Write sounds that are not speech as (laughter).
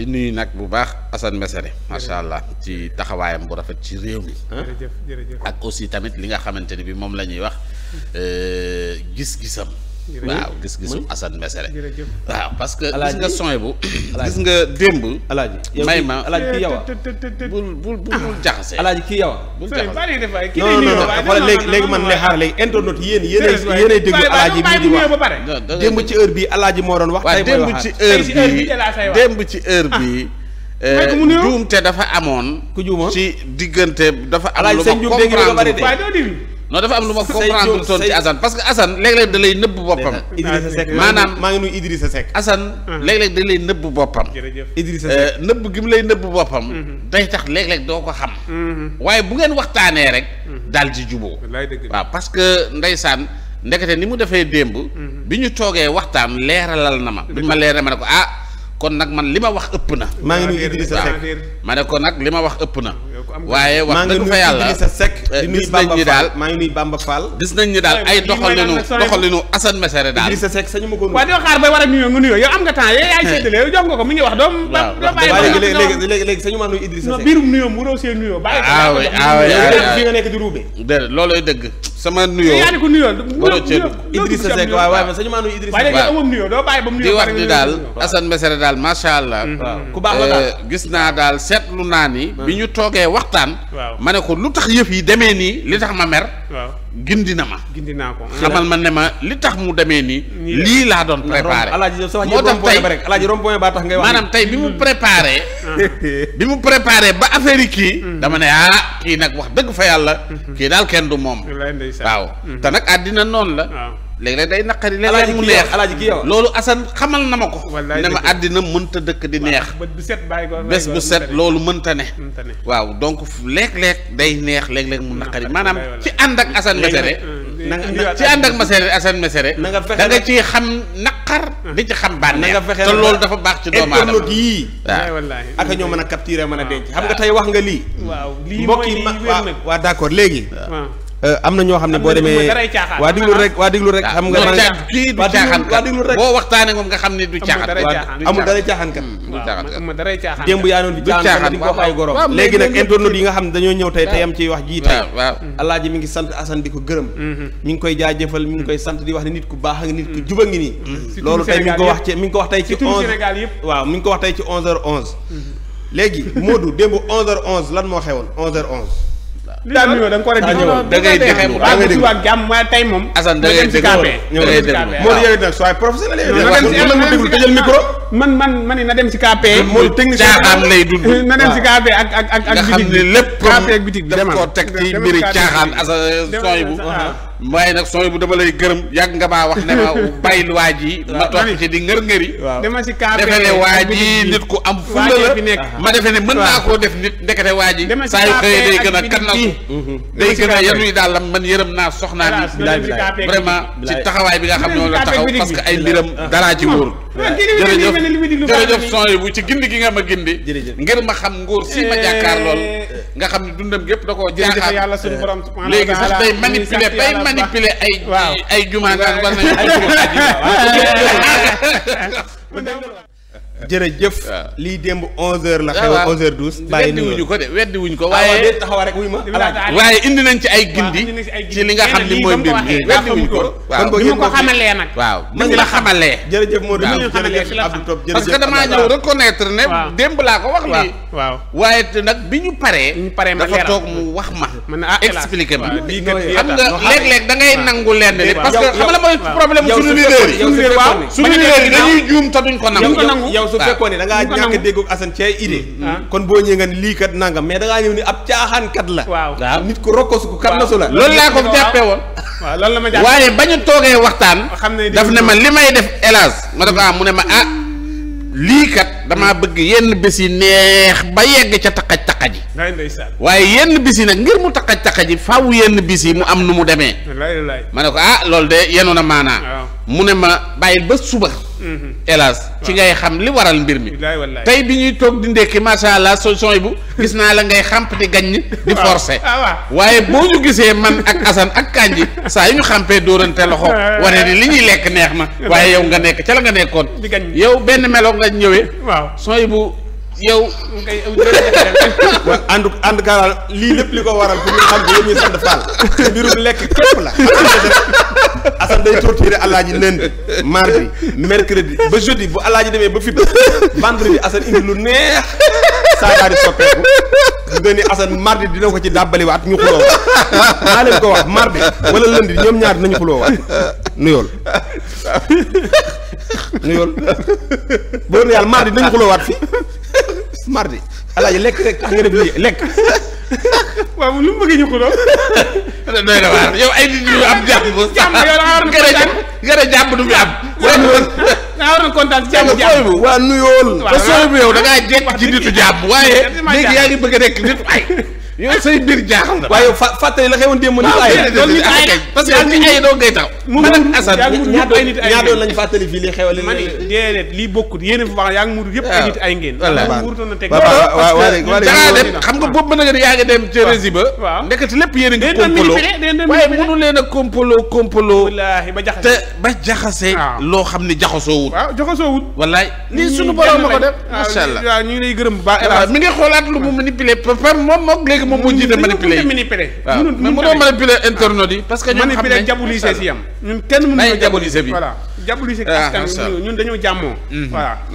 di nuyu nag bu baax Assane Mesere macha allah ci taxawaayam bu rafet ci réew mi. Ah. jërëjëf ak aussi tamit li nga xamante ni bi moom la ñuy wax euh, gis-gisam. waaw gis-gisu Assane Mesere waaw parce que gis nga son bu gis nga démb alaaji may ma alaaji kii yow bul bul bul ah. jaxase alaaji kii yow bul jaxase léegi léegi man lay xaar léegi internet yéen yéen yéen ay déglu alaaji bii di wax démb ci heure bi alaaji moo doon wax waaw démb ci heure bi démb ci heure bi (laughs) euh, juumte dafa amoon ku juuma ci diggante dafa am lu ma comprendre non dafa am lu ma comprendre toon ci Assane parce que Assane léeg-léeg da lay nëbb boppam maanaam maa ngi nuyu Idrissa Seck Assane uh-huh. léeg-léeg da lay nëbb boppam euh, nëbb gi mu lay nëbb boppam uh-huh. day tax léeg-léeg doo ko xam uh-huh. waaye bu ngeen waxtaanee rek daal di juboo waaw parce que ndeysaan ndekete ni mu defee démb bi ñu toogee waxtaan leeralal na ma bi ma leeral ma ne ko ah kon nag man li ma wax ëpp na maa ngi nuyu Idrissa Seck ma ne ko nag li ma wax ëpp na waaye wax dëgg fa yàlla gis nañ ñi daal maa ngi nuyu Bamba Fall gis nañ ñi daal ay doxalinu doxalinu Assane Mesere daal Idrissa Seck sañu ma ko waaw doo xaar bay war a nuyoo nga nuyoo yow am nga temps yow yaay séddale yow jox nga ma nuyu Idrissa Seck biirum nuyoo mu roosee nuyoo bàyyi ah oui waaye amam nuyoo doo Mesere daal macha allah gis naa daal seetlu naa ni bi ñu toogee waxtaan. waaw ma ne ko lu tax yëf yi demee nii li tax ma mer. waaw gindi na ma. gindi naa ko xamal ma ne ma li tax mu demee nii. lii laa doon préparé. moo tax tey alaaji rond-point ba tax ngay wax maanaam tey bi mu préparé. (laughs) bi mu préparé ba affaire yi kii. Hmm. dama ne ah kii nag wax dëgg fa yàlla. Hmm. kii daal kenn du moom. waaw hmm. te nag àddina noonu la. léeg-léeg day naqari léeg-léeg mu neex alaaji ki loolu Assane xamal na ma ko ne ma àddina mënta dëkk di neex bés bu set loolu mënta ne waaw donc léeg-léeg day neex léeg-léeg mu naqari maanaam ci ànd ak Assane Mesere na mm, nga ci ànd ak Mesere Assane Mesere da nga ci xam naqar di ci xam bànneex te loolu dafa baax ci doomu aadama yii waaw ñoo mën a capturer mën a denc xam nga tey wax nga lii mbokk yi ma waa d'accord léegi Euh, am na ñoo xam ne boo demee waa diglu rek waa diglu rek ah, xam nga kii du caaxaan waxtaanee moom nga xam ne du caaxaan amul daray caaxaan kat démb yaa noon di caaxaan di ko wax léegi nag internautes yi nga xam ne dañoo ñëw tey tey am ci wax jii tey waaw alaaji mi ngi sant Assane di ko gërëm mm-hmm. mi ngi koy jaajëfal mi ngi koy sant di wax ne nit ku baax ak nit ku mm-hmm. juba ngi nii mm-hmm. loolu tey mi ngi ko wax ci mi ngi ko wax tey ci onze waaw mi ngi ko wax tey ci onze heures onze léegi Modou démb onze heures onze lan moo xewoon onze heures onze daal ñëw da nga ko war a ñëw da ngay waaye tey moom. Assane da na dem si na déglu te jël micro. man man man na dem si KPE. moo di technicien caaxaan lay dund. na dem si KPE ak ak ak bitig nga daf koo teg ci mbiri caaxaan Assane sooy bu. waaye nag sooy bu dama lay gërëm yàgg nga maa wax ne ma (laughs) bàyyil waa ji ma topp ci di ngër ngëri dama si kaapee defe ne waa ji nit ku am fulla la ma defe ne mën naa koo def nit ndekete waa ji saa yu xëyee day gën a kannasu day gën a yanuy daalam man yërëm naa soxnaa ni vraiment ci taxawaay bi nga xam ne la taxaw parce que ay mbiram ah. dara ci wóorul jërëjëf jërëjëf son yi bu ci gindi gi nga ma gindi ngir ma xam nguur si ma jàkkaar eh. lool nga xam ne dundam gépp da koo jaaxaat yàlla suñu borom léegi sax day manipuler bay manipuler ay ay jumaa naan war nañu ay (laughs) (laughs) jërëjëf. waaw lii démb 11h la. xew 11h12. bàyyi nii weddiwuñu ko de weddiwuñu ko. waaye de taxaw rek wuy ma waaye indi nañ ci ay gindi. ci li nga xam ni mooy mbir mi weddiwuñu ko. waaw ni mu ko xamalee nag. waaw mën la xamalee. jërëjëf Modou jërëjëf Abdou Top jërëjëf. parce que damaa ñëw reconnaître ne. démb laa ko wax lii. waaw waaye nag bi ñu paree. ñu paree ma dafa toog mu wax ma. mën naa expliqué ma. Ah, xam nga léeg-léeg da ngay nangu lenn li parce que xam la mooy problème suñu leader yi. suñu leader yi dañuy juum te duñ ko nangu su fekkoon ngaa ñàkk a déggoog Assane mm. ah. kon boo ñëwee nga ni lii kat mais da ngaa ñëw ni ab caaxaankat la waaw nit ku rokkosu ku kat nasu la loolu laa ko jàppee woon waaw loolu la ma jàppee waaye ba ñu toogee waxtaan daf ne ma li may def hélas ma ne ko ah, mu ne ma a ah, lii kat damaa mm. bëgg yenn bés yi neex ba yegg ca taqaj taqaj yi waaye yenn bis yi nag ngir mu taqaj taqaj yi faaw yenn bis yi mu am nu mu demee ma ne ko ah loolu de yenu na maanaa mu ne ma bàyyil ba suba Mm-hmm. hélas ci ngay xam li waral mbir mi tey bi ñuy toog di ndékki macha allah so sooy gis naa la ngay xampati gaññ di forcé ah, waaye boo ñu gisee man ak Assane ak Kandji saa yu ñu xampee dóorante loxo (laughs) wane ni li ñuy lekk neex ma waaye yow nga nekk ca la nga nekkoon yow benn melo nga ñëwee sooy yow ngay ànd ànd gaaraal lii lépp li ko waral pour ñu xam ne ñuy sant Fall mbirum lekk képp la Assane day torturé alaaji lundi mardi mercredi ba jeudi bu alaaji demee ba fipp vendredi Assane indi lu neex saa daal di soppeeku nga ni Assane mardi dina ko ci dàbbaliwaat ñu xuloo waat maa leen ko wax mardi wala lundi ñoom ñaar dinañu xuloo waat nuyool nuyool boo ne yàlla mardi dinañu xuloo waat fii mardi alaaji lekk rek tax nga def lii lekk waaw lu mu bëgg ñu xuloo (laughs) doy na waar yow ay nit ñu am jàmm bu sax gën a jàmm am naa war na kontaan si jàmm jàmm da ngaa jekk ci nitu jàmm waaye léegi yaa ngi bëgg a nekk nitu ay yow say mbir jaaxal na. waaw yow fàttali la xewoon démb. lii bokkut a a a ko def. macha ngi xoolaat lu mu manipulé papa moom moom léegi moom moo jiite manipuler manipuler waaw mais mënoo manipuler internautes yi parce que ñun xam si yam ñun kenn mënuñu diaboliser bi voilà diaboliser ah, ñun dañoo jàmmoo voilà